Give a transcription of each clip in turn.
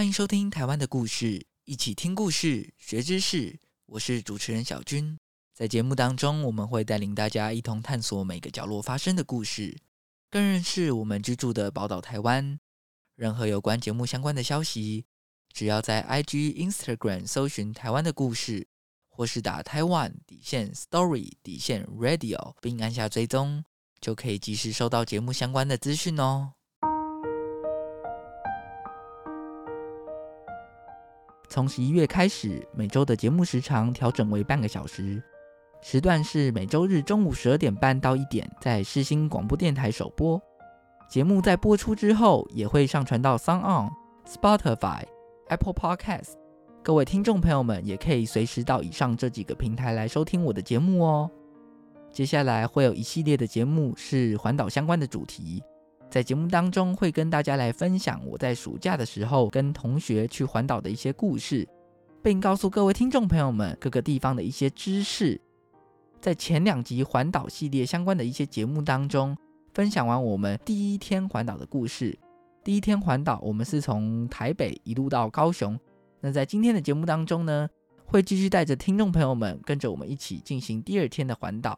歡迎收聽《台灣的故事》，一起聽故事、學知識。我是主持人小鈞，在節目當中，我們會帶領大家一同探索每個角落發生的故事，更認識我們居住的寶島台灣。任何有關節目相關的消息，只要在 IG、Instagram 搜尋《台灣的故事》，或是打 Taiwan 底線 Story 底線 Radio，並按下追蹤，就可以及時收到節目相關的資訊哦。從十一月開始，每周的節目時長調整為半個小時，時段是每周日中午十二點半到一點，在世新廣播電台首播。節目在播出之後，也會上傳到 SoundOn、Spotify、Apple Podcasts。各位聽眾朋友們，也可以隨時到以上這幾個平台來收聽我的節目哦。接下來會有一系列的節目是環島相關的主題。在節目當中會跟大家來分享我在暑假的時候跟同學去環島的一些故事，並告訴各位聽眾朋友們各個地方的一些知識。在前兩集環島系列相關的一些節目當中，分享完我們第一天環島的故事。第一天環島我們是從台北一路到高雄，那在今天的節目當中呢，會繼續帶着聽眾朋友們跟着我們一起進行第二天的環島。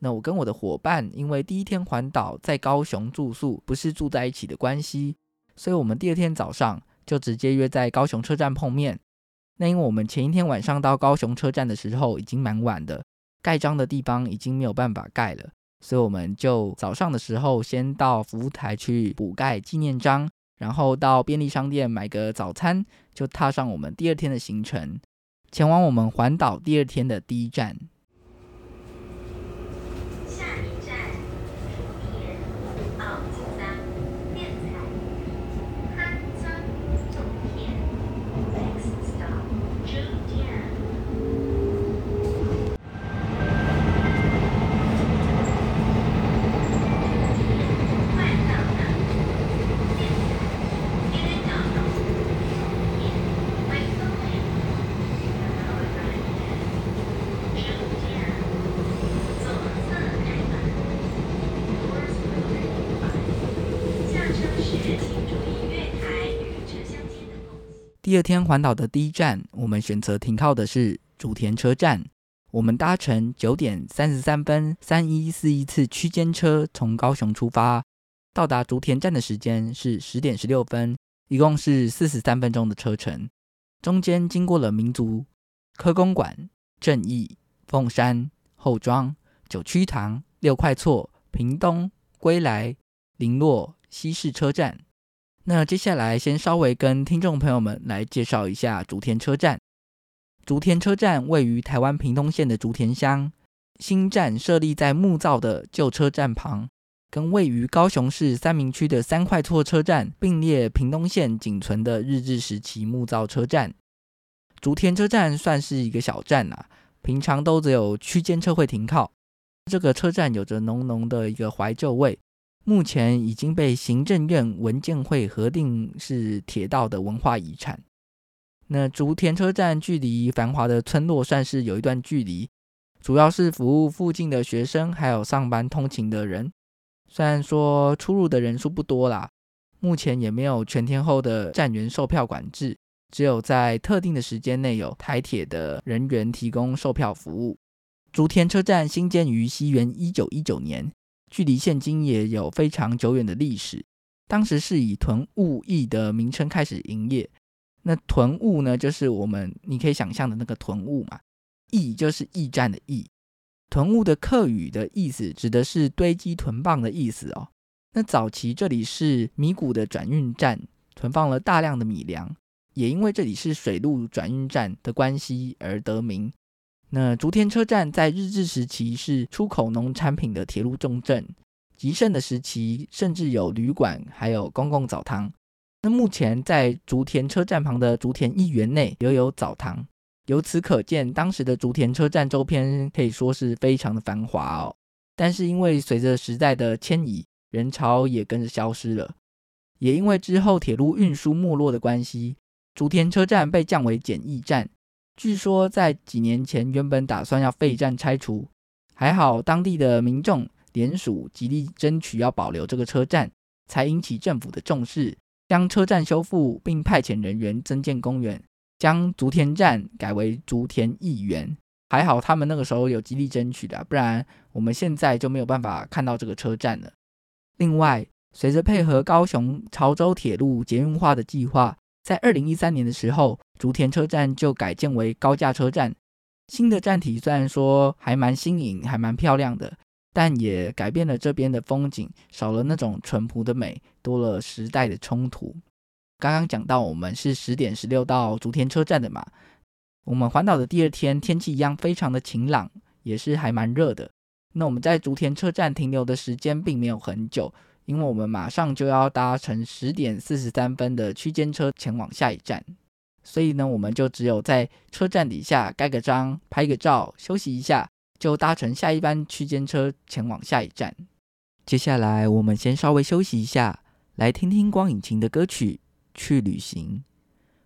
那我跟我的夥伴，因為第一天環島在高雄住宿，不是住在一起的關係，所以我們第二天早上就直接約在高雄車站碰面。那因為我們前一天晚上到高雄車站的時候已經蠻晚的，蓋章的地方已經沒有辦法蓋了，所以我們就早上的時候先到服務台去補蓋紀念章，然後到便利商店買個早餐，就踏上我們第二天的行程，前往我們環島第二天的第一站。第二天環島的第一站，我們選擇停靠的是竹田車站。我們搭乘九點三十三分三一四一次區間車從高雄出發，到達竹田站的時間是十點十六分，一共是四十三分鐘的車程。中間經過了民族、科工館、正義、鳳山、後莊、九曲堂、六塊厝、屏東、歸來、麟洛、西勢車站。那接下來先稍微跟聽眾朋友們來介紹一下竹田車站。竹田車站位於台灣屏東縣的竹田鄉，新站設立在木造的舊車站旁，跟位於高雄市三民區的三塊厝車站並列屏東縣僅存的日治時期木造車站。竹田車站算是一個小站啊，平常都只有區間車會停靠。這個車站有着濃濃的一個懷舊味。目前已經被行政院文建會核定是鐵道的文化遺產。那竹田車站距離繁華的村落算是有一段距離，主要是服務附近的學生還有上班通勤的人。雖然說出入的人數不多啦，目前也沒有全天候的站員售票管制，只有在特定的時間內有台鐵的人員提供售票服務。竹田車站興建於西元一九一九年。距離現今也有非常久遠的歷史，當時是以頓物驛的名稱開始營業。那頓物呢，就是我們你可以想象的那個頓物嘛，驛就是驛站的驛。頓物的客語的意思，指的是堆積囤放的意思哦。那早期這裡是米谷的轉運站，存放了大量的米糧，也因為這裡是水路轉運站的關係而得名。那竹田車站在日治時期是出口農產品的鐵路重鎮，極盛的時期甚至有旅館，還有公共澡堂。那目前在竹田車站旁的竹田驛園內留有澡堂，由此可見當時的竹田車站周邊可以說是非常的繁華哦。但是因為隨着時代的遷移，人潮也跟着消失了，也因為之後鐵路運輸沒落的關係，竹田車站被降為簡易站。據說在幾年前，原本打算要廢站拆除，還好當地的民眾聯署極力爭取，要保留這個車站，才引起政府的重視，將車站修復，並派遣人員增建公園，將竹田站改為竹田驛園，還好他們那個時候有極力爭取的，不然我們現在就沒有辦法看到這個車站了。另外，隨着配合高雄潮州鐵路捷運化的計劃。在二零一三年的時候，竹田車站就改建為高架車站。新的站體雖然說還蠻新穎，還蠻漂亮的，但也改變了這邊的風景，少了那種淳樸的美，多了時代的衝突。剛剛講到我們是十點十六到竹田車站的嘛，我們環島的第二天，天氣一樣非常的晴朗，也是還蠻熱的。那我們在竹田車站停留的時間並沒有很久。因為我們馬上就要搭乘十點四十三分的區間車前往下一站，所以呢，我們就只有在車站底下蓋個章、拍個照、休息一下，就搭乘下一班區間車前往下一站。接下來，我們先稍微休息一下，來聽聽光引擎的歌曲《去旅行》。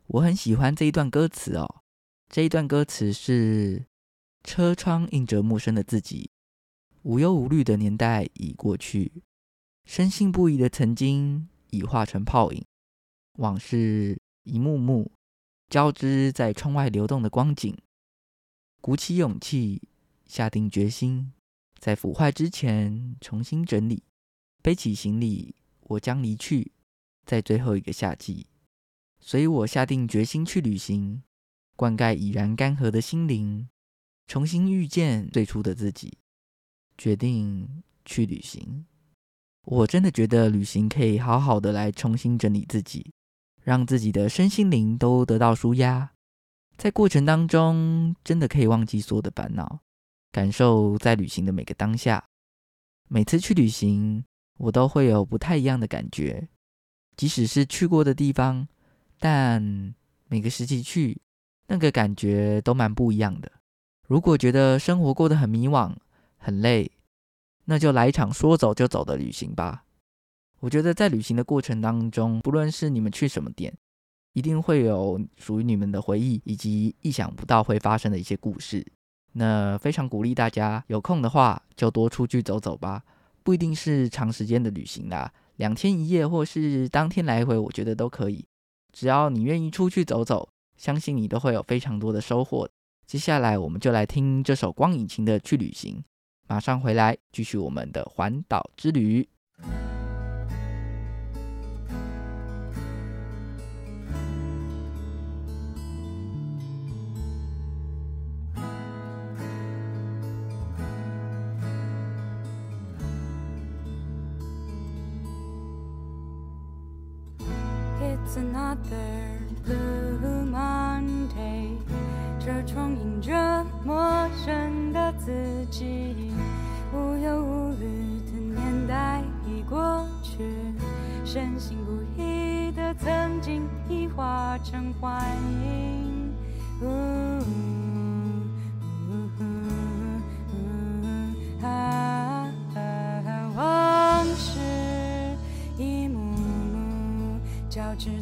我很喜歡這一段歌詞哦，這一段歌詞是：車窗映着陌生的自己，無憂無慮的年代已過去。深信不疑的曾經已化成泡影，往事一幕幕交織在窗外流動的光景。鼓起勇氣，下定決心，在腐壞之前重新整理，背起行李，我將離去，在最後一個夏季。所以我下定決心去旅行，灌溉已然乾涸的心靈，重新遇見最初的自己，決定去旅行。我真的覺得旅行可以好好的來重新整理自己，讓自己的身心靈都得到舒壓。在過程當中，真的可以忘記所有的煩惱，感受在旅行的每個當下。每次去旅行，我都會有不太一樣的感覺。即使是去過的地方，但每個時期去，那個感覺都蠻不一樣的。如果覺得生活過得很迷惘、很累，那就來一場說走就走的旅行吧！我覺得在旅行的過程當中，不論是你們去什麼店，一定會有屬於你們的回憶以及意想不到會發生的一些故事。那非常鼓勵大家有空的話就多出去走走吧，不一定是長時間的旅行啦，兩天一夜或是當天來回，我覺得都可以。只要你願意出去走走，相信你都會有非常多的收穫。接下來我們就來聽這首光引擎的《去旅行》。馬上回來，繼續我們的環島之旅。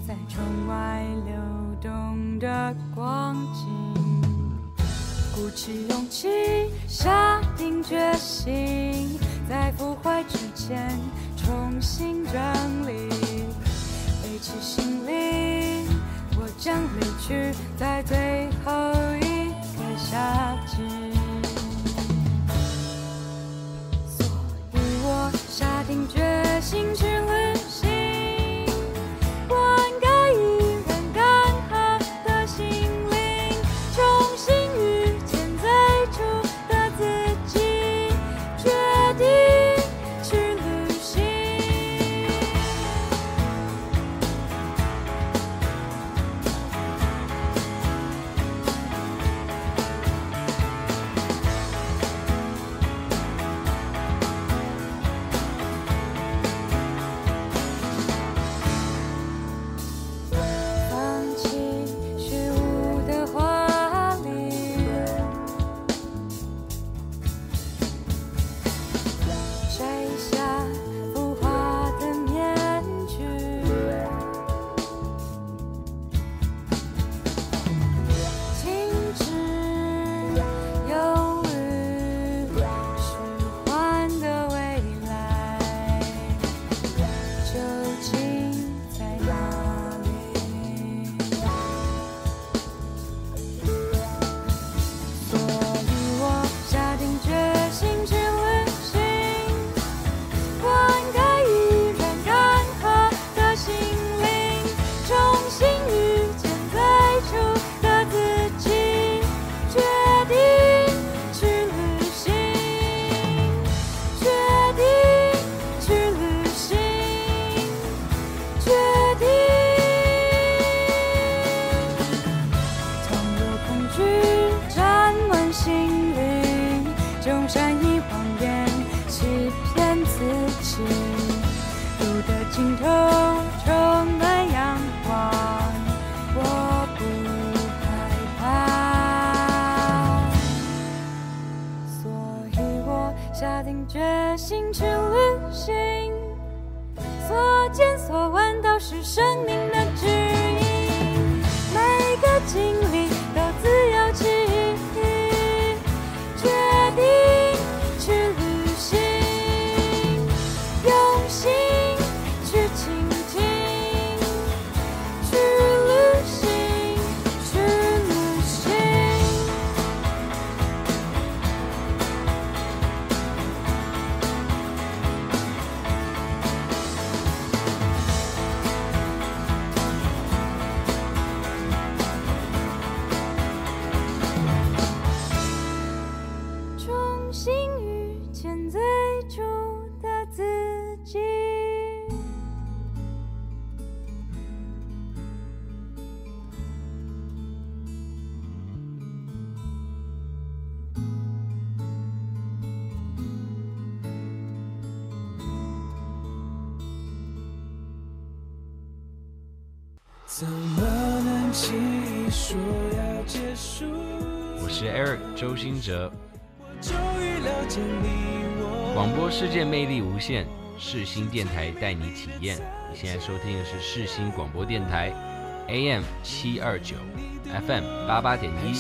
在窗外。下定決心去旅行，所見所聞都是生命的指引，每個經歷。我是 Eric 周興哲，我終於了解你我廣播世界魅力無限，世新電台帶你體驗。你現在收聽的是世新廣播電台 AM 七二九，FM 八八點一。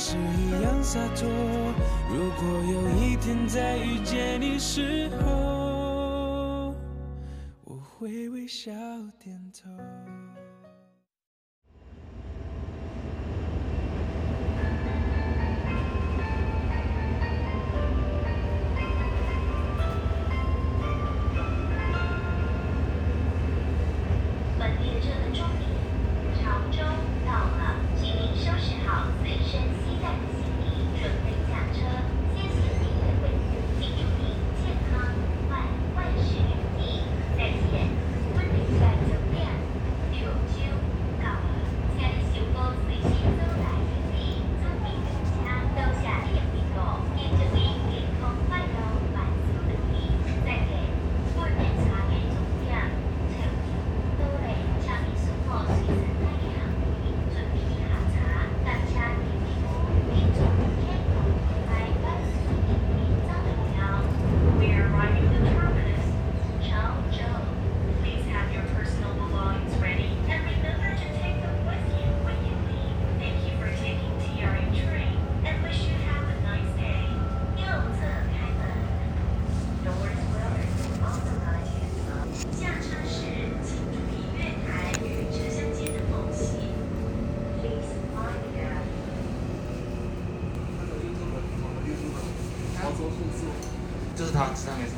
這邊新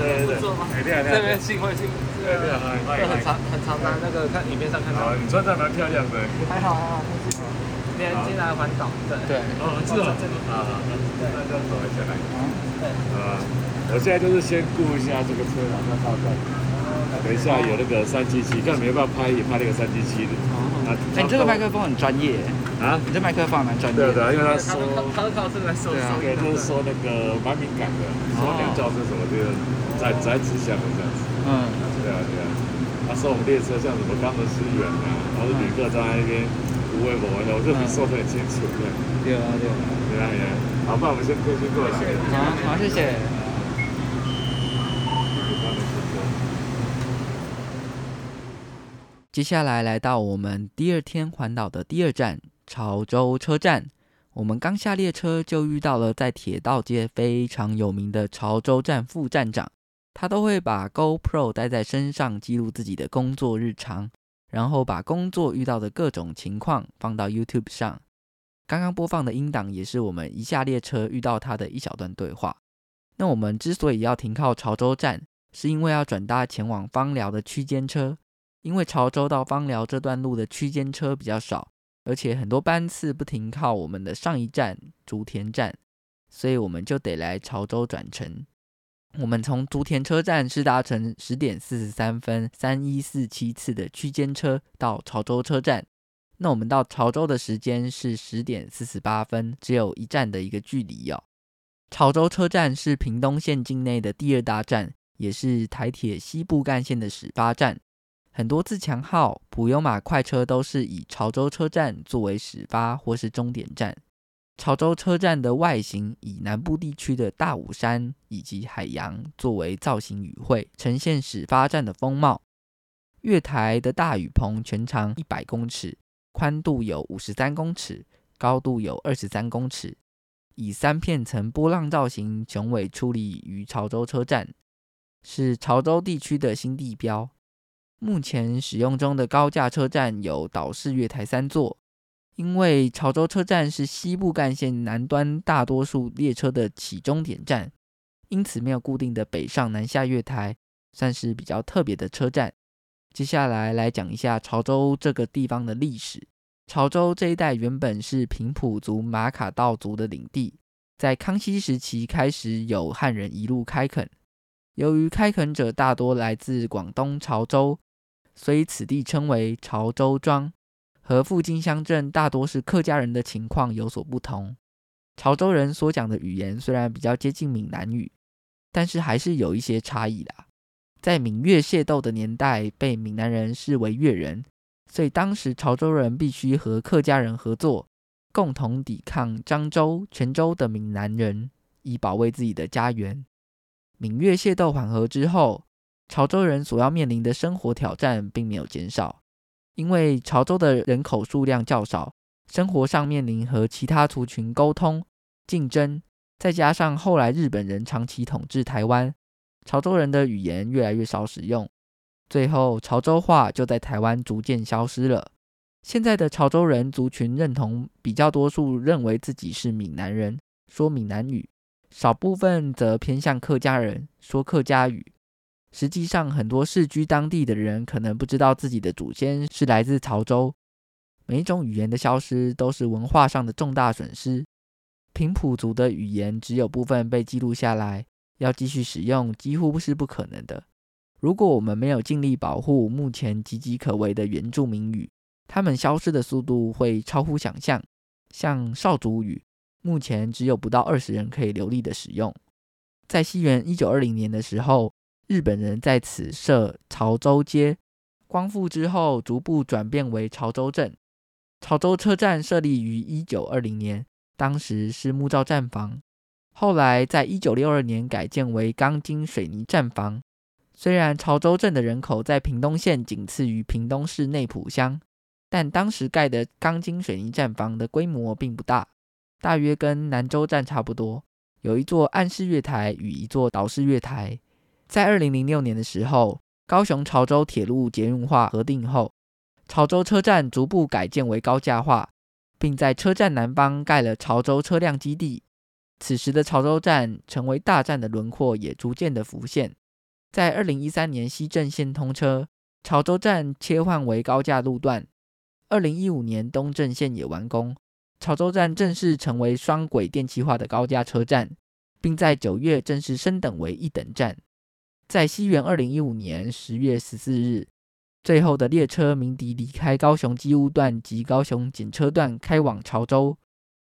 對對，這很長很長的，那個看裡面上看。啊，你穿這蠻漂亮的。還好還好，今天進來環島。對對，哦，這來。啊，我現在就是先顧一下這個車，然後到站。等一下有那個三七七，根本沒辦法拍，也拍那個三七七的。哎、欸，這個麥克風很專業。啊，你這麥克風還蠻專業的。對對，因為他說，他是靠這個在收聲。對他就是說那個蠻敏感的，啊、說兩噪聲什麼的，窄窄子響的這樣子。嗯對、啊，對啊，對啊，他說我們列車像什麼鋼絲遠啊，他說旅客站在那邊無微不聞，我就說得很清楚。對啊，對啊，對啊。好，吧我們先過去過去。啊，好，謝謝。接下來來到我們第二天環島的第二站潮州車站。我們剛下列車就遇到了在鐵道界非常有名的潮州站副站長，他都會把 GoPro 帶在身上記錄自己的工作日常，然後把工作遇到的各種情況放到 YouTube 上。剛剛播放的音檔也是我們一下列車遇到他的一小段對話。那我們之所以要停靠潮州站，是因為要轉搭前往枋寮的區間車。因為潮州到枋寮這段路的區間車比較少，而且很多班次不停靠我們的上一站竹田站，所以我們就得來潮州轉乘。我們從竹田車站是搭乘十點四十三分三一四七次的區間車到潮州車站。那我們到潮州的時間是十點四十八分，只有一站的一個距離哦。潮州車站是屏東縣境內的第二大站，也是台鐵西部幹線的始發站。很多自強號、普悠瑪快車都是以潮州車站作為始發或是終點站。潮州車站的外形以南部地區的大武山以及海洋作為造型語彙，呈現始發站的風貌。月台的大雨棚全長一百公尺，寬度有五十三公尺，高度有二十三公尺，以三片層波浪造型雄偉矗立於潮州車站，是潮州地區的新地標。目前使用中的高架車站有島式月台三座，因為潮州車站是西部幹線南端大多數列車的起終點站，因此沒有固定的北上南下月台，算是比較特別的車站。接下來來講一下潮州這個地方的歷史。潮州這一帶原本是平埔族馬卡道族的領地，在康熙時期開始有漢人一路開墾。由於開墾者大多來自廣東潮州。所以此地稱為潮州莊，和附近鄉鎮大多是客家人的情況有所不同。潮州人所講的語言雖然比較接近閩南語，但是還是有一些差異的。在閩粵械鬥的年代，被閩南人視為粵人，所以當時潮州人必須和客家人合作，共同抵抗漳州、泉州的閩南人，以保衛自己的家園。閩粵械鬥緩和之後，潮州人所要面臨的生活挑戰並沒有減少，因為潮州的人口數量較少，生活上面臨和其他族群溝通、競爭，再加上後來日本人長期統治台灣，潮州人的語言越來越少使用，最後潮州話就在台灣逐漸消失了。現在的潮州人族群認同比較多數認為自己是閩南人，說閩南語；少部分則偏向客家人，說客家語。實際上，很多世居當地的人可能不知道自己的祖先是來自潮州。每一種語言的消失都是文化上的重大損失。平埔族的語言只有部分被記錄下來，要繼續使用幾乎是不可能的。如果我們沒有盡力保護目前岌岌可危的原住民語，它們消失的速度會超乎想象。像邵族語，目前只有不到二十人可以流利的使用。在西元一九二零年的時候，日本人在此設潮州街，光復之後逐步轉變為潮州鎮。潮州車站設立於1920年，當時是木造站房，後來在1962年改建為鋼筋水泥站房。雖然潮州鎮的人口在屏東縣僅次於屏東市、內埔鄉，但當時蓋的鋼筋水泥站房的規模並不大，大約跟南州站差不多，有一座岸式月台與一座島式月台。在二零零六年的時候，高雄潮州鐵路捷運化核定後，潮州車站逐步改建為高架化，並在車站南方蓋了潮州車輛基地。此時的潮州站成為大站的輪廓也逐漸的浮現。在二零一三年西正線通車，潮州站切換為高架路段。二零一五年東正線也完工，潮州站正式成為雙軌電氣化的高架車站，並在九月正式升等為一等站。在西元二零一五年十月十四日，最後的列車鳴笛離開高雄機務段及高雄檢車段，開往潮州。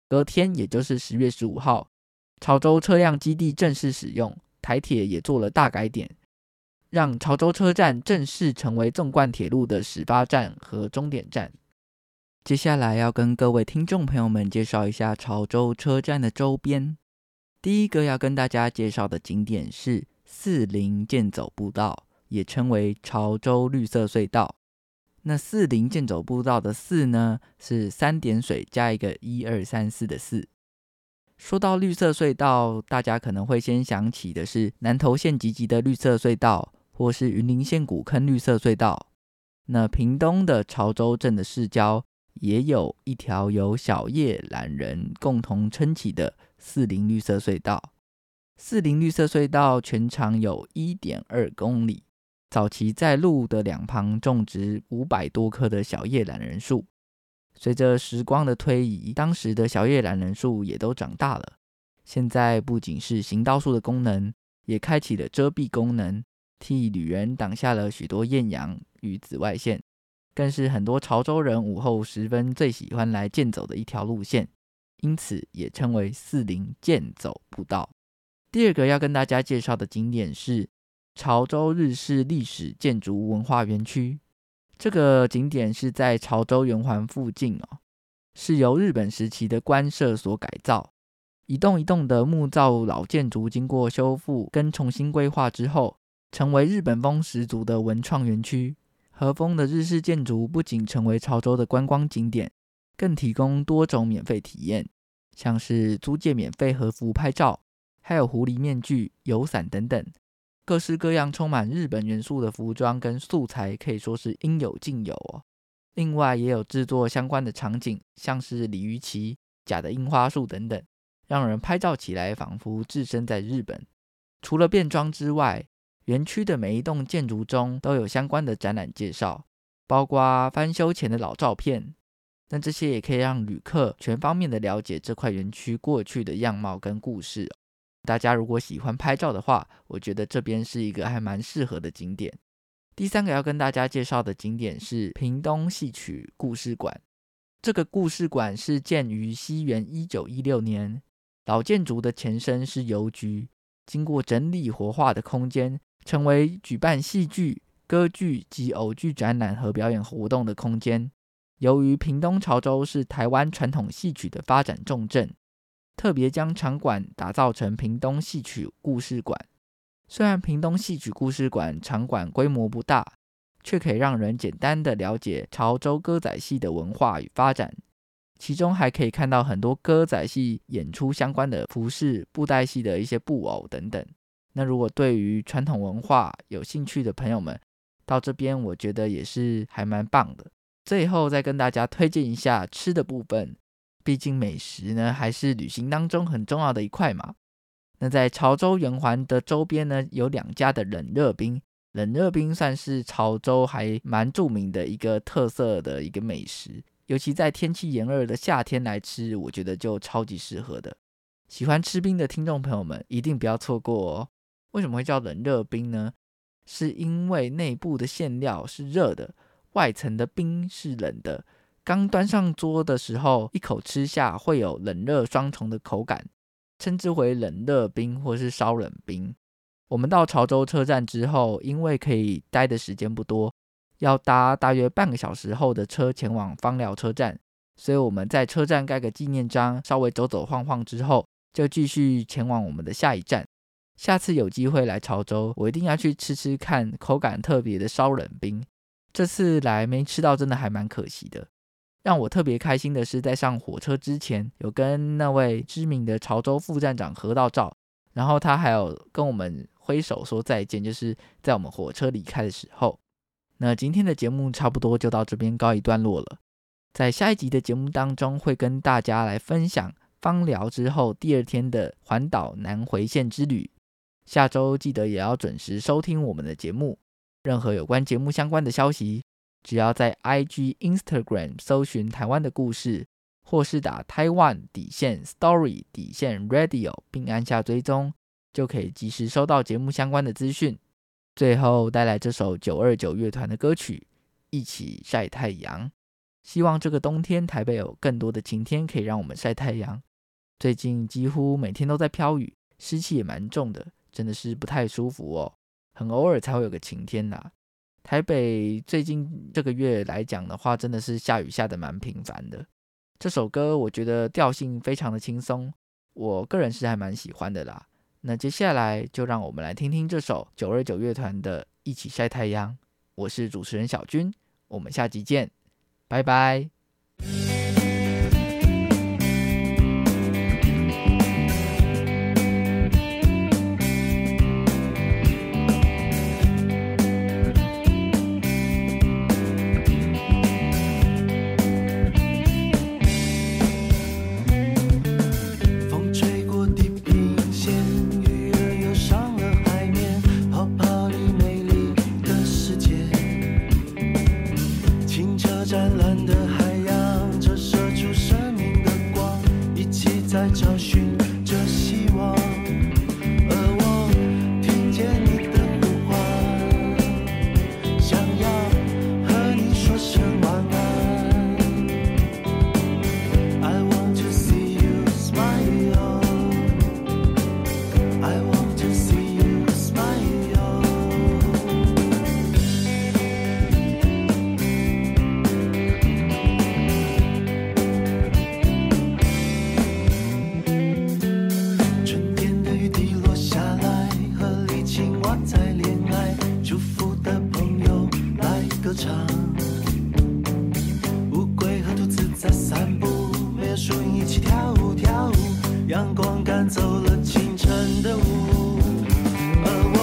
隔天，也就是十月十五號，潮州車輛基地正式使用，台鐵也做了大改點，讓潮州車站正式成為縱貫鐵路的始發站和終點站。接下來要跟各位聽眾朋友們介紹一下潮州車站的周邊。第一個要跟大家介紹的景點是。泗林健走步道也稱為潮州綠色隧道。那泗林健走步道的“四”呢，是三點水加一個一二三四的“四”。說到綠色隧道，大家可能會先想起的是南投縣集集的綠色隧道，或是雲林縣古坑綠色隧道。那屏東的潮州鎮的市郊也有一條由小葉欖仁共同撐起的泗林綠色隧道。四林綠色隧道全長有1.2公里，早期在路的兩旁種植五百多棵的小葉欖仁樹。隨着時光的推移，當時的小葉欖仁樹也都長大了。現在不僅是行道樹的功能，也開啟了遮蔽功能，替旅人擋下了許多豔陽與紫外線，更是很多潮州人午後時分最喜歡來健走的一條路線，因此也稱為四林健走步道。第二個要跟大家介紹的景點是潮州日式歷史建築文化園區。這個景點是在潮州圓環附近哦，是由日本時期的官舍所改造，一棟一棟的木造老建築經過修復跟重新規劃之後，成為日本風十足的文創園區。和風的日式建築不僅成為潮州的觀光景點，更提供多種免費體驗，像是租借免費和服拍照。還有狐狸面具、油傘等等，各式各樣充滿日本元素的服裝跟素材可以說是應有盡有哦。另外也有制作相關的場景，像是鯉魚旗、假的櫻花樹等等，讓人拍照起來仿佛置身在日本。除了變裝之外，園區的每一棟建築中都有相關的展覽介紹，包括翻修前的老照片。但這些也可以讓旅客全方面的了解這塊園區過去的樣貌跟故事。大家如果喜歡拍照的話，我覺得這邊是一個還蠻適合的景點。第三個要跟大家介紹的景點是屏東戲曲故事館。這個故事館是建於西元一九一六年，老建築的前身是郵局，經過整理活化的空間，成為舉辦戲劇、歌劇及偶劇展覽和表演活動的空間。由於屏東潮州是台灣傳統戲曲的發展重鎮，特別將場館打造成屏東戲曲故事館，雖然屏東戲曲故事館場館規模不大，卻可以讓人簡單的了解潮州歌仔戲的文化與發展。其中還可以看到很多歌仔戲演出相關的服飾、布袋戲的一些布偶等等。那如果對於傳統文化有興趣的朋友們，到這邊我覺得也是還蠻棒的。最後再跟大家推薦一下吃的部分。畢竟美食呢，還是旅行當中很重要的一塊嘛。那在潮州圓環的周邊呢，有兩家的冷熱冰，冷熱冰算是潮州還蠻著名的一個特色的一個美食，尤其在天氣炎熱的夏天來吃，我覺得就超級適合的。喜歡吃冰的聽眾朋友們，一定不要錯過哦。為什麼會叫冷熱冰呢？是因為內部的餡料是熱的，外層的冰是冷的。剛端上桌的時候，一口吃下會有冷熱雙重的口感，稱之為冷熱冰或是燒冷冰。我們到潮州車站之後，因為可以待的時間不多，要搭大約半個小時後的車前往枋寮車站，所以我們在車站蓋個紀念章，稍微走走晃晃之後，就繼續前往我們的下一站。下次有機會來潮州，我一定要去吃吃看口感特別的燒冷冰。這次來沒吃到，真的還蠻可惜的。讓我特別開心的是，在上火車之前，有跟那位知名的潮州副站長合到照，然後他還有跟我們揮手說再見，就是在我們火車離開的時候。那今天的節目差不多就到這邊告一段落了，在下一集的節目當中，會跟大家來分享枋寮之後第二天的環島南回線之旅。下周記得也要準時收聽我們的節目，任何有關節目相關的消息，只要在 IG Instagram 搜尋台灣的故事，或是打 Taiwan 底線 Story 底線 Radio 並按下追蹤，就可以及時收到節目相關的資訊。最後帶來這首九二九樂團的歌曲，一起曬太陽。希望這個冬天台北有更多的晴天，可以讓我們曬太陽。最近幾乎每天都在飄雨，濕氣也蠻重的，真的是不太舒服哦。很偶爾才會有個晴天吶、啊。台北最近這個月來講的話，真的是下雨下得蠻頻繁的。這首歌我覺得調性非常的輕鬆，我個人是還蠻喜歡的啦。那接下來就讓我們來聽聽這首九二九樂團的《一起曬太陽》。我是主持人小鈞，我們下集見，拜拜。在散步，沒有樹蔭，一起跳舞，跳舞。陽光趕走了清晨的霧。而我